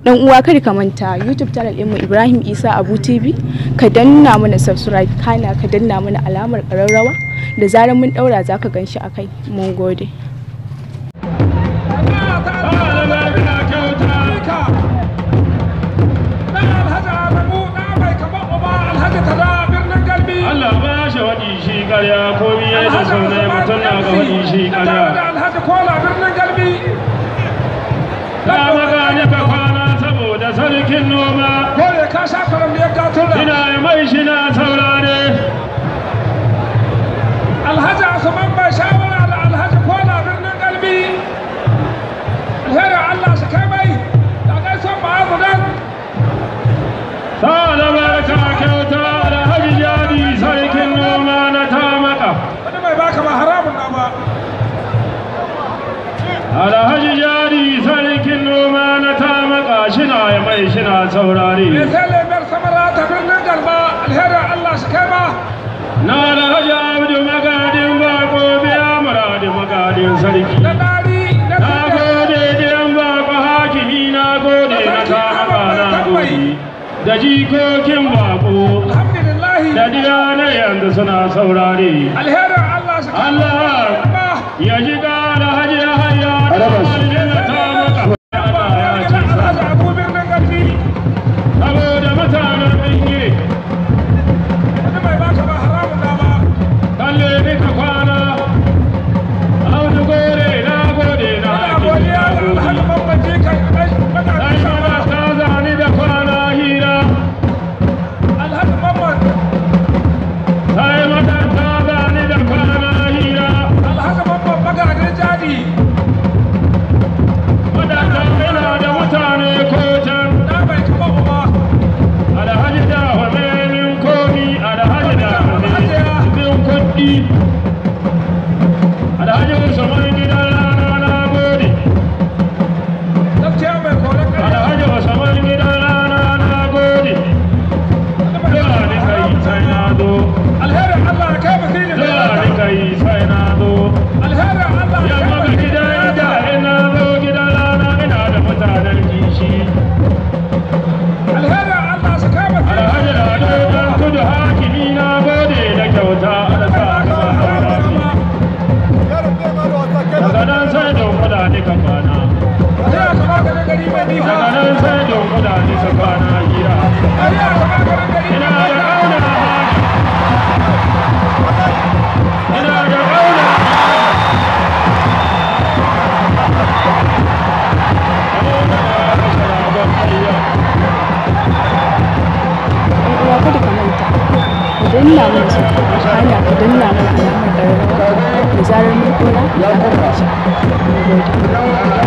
dan uwa kada ka manta youtube channel mu ibrahim isa abu tv ka danna mana subscribe kana ka danna mana alamar kararrawa da zarar mun daura za ka ganshi a kai mun gode Allah aikin noma kore ka sha karam da ka tura ina mai shi na saurare alhaji asuman bai shawara da alhaji kola birnin galbi alheri allah su kai mai da sa da barka kyauta alhaji hajji jadi sarkin noma na tamaka mai shina saurari mai sai bar samara Allah na alhaji magadin bako magadin sarki bako hakimi na gode da jikokin diyana yanzu suna saurare alherin Allah Allah ya ji gara hajji hayya da danna mun su hanya ka danna mun alamar da zarar mun kora za ka kashe.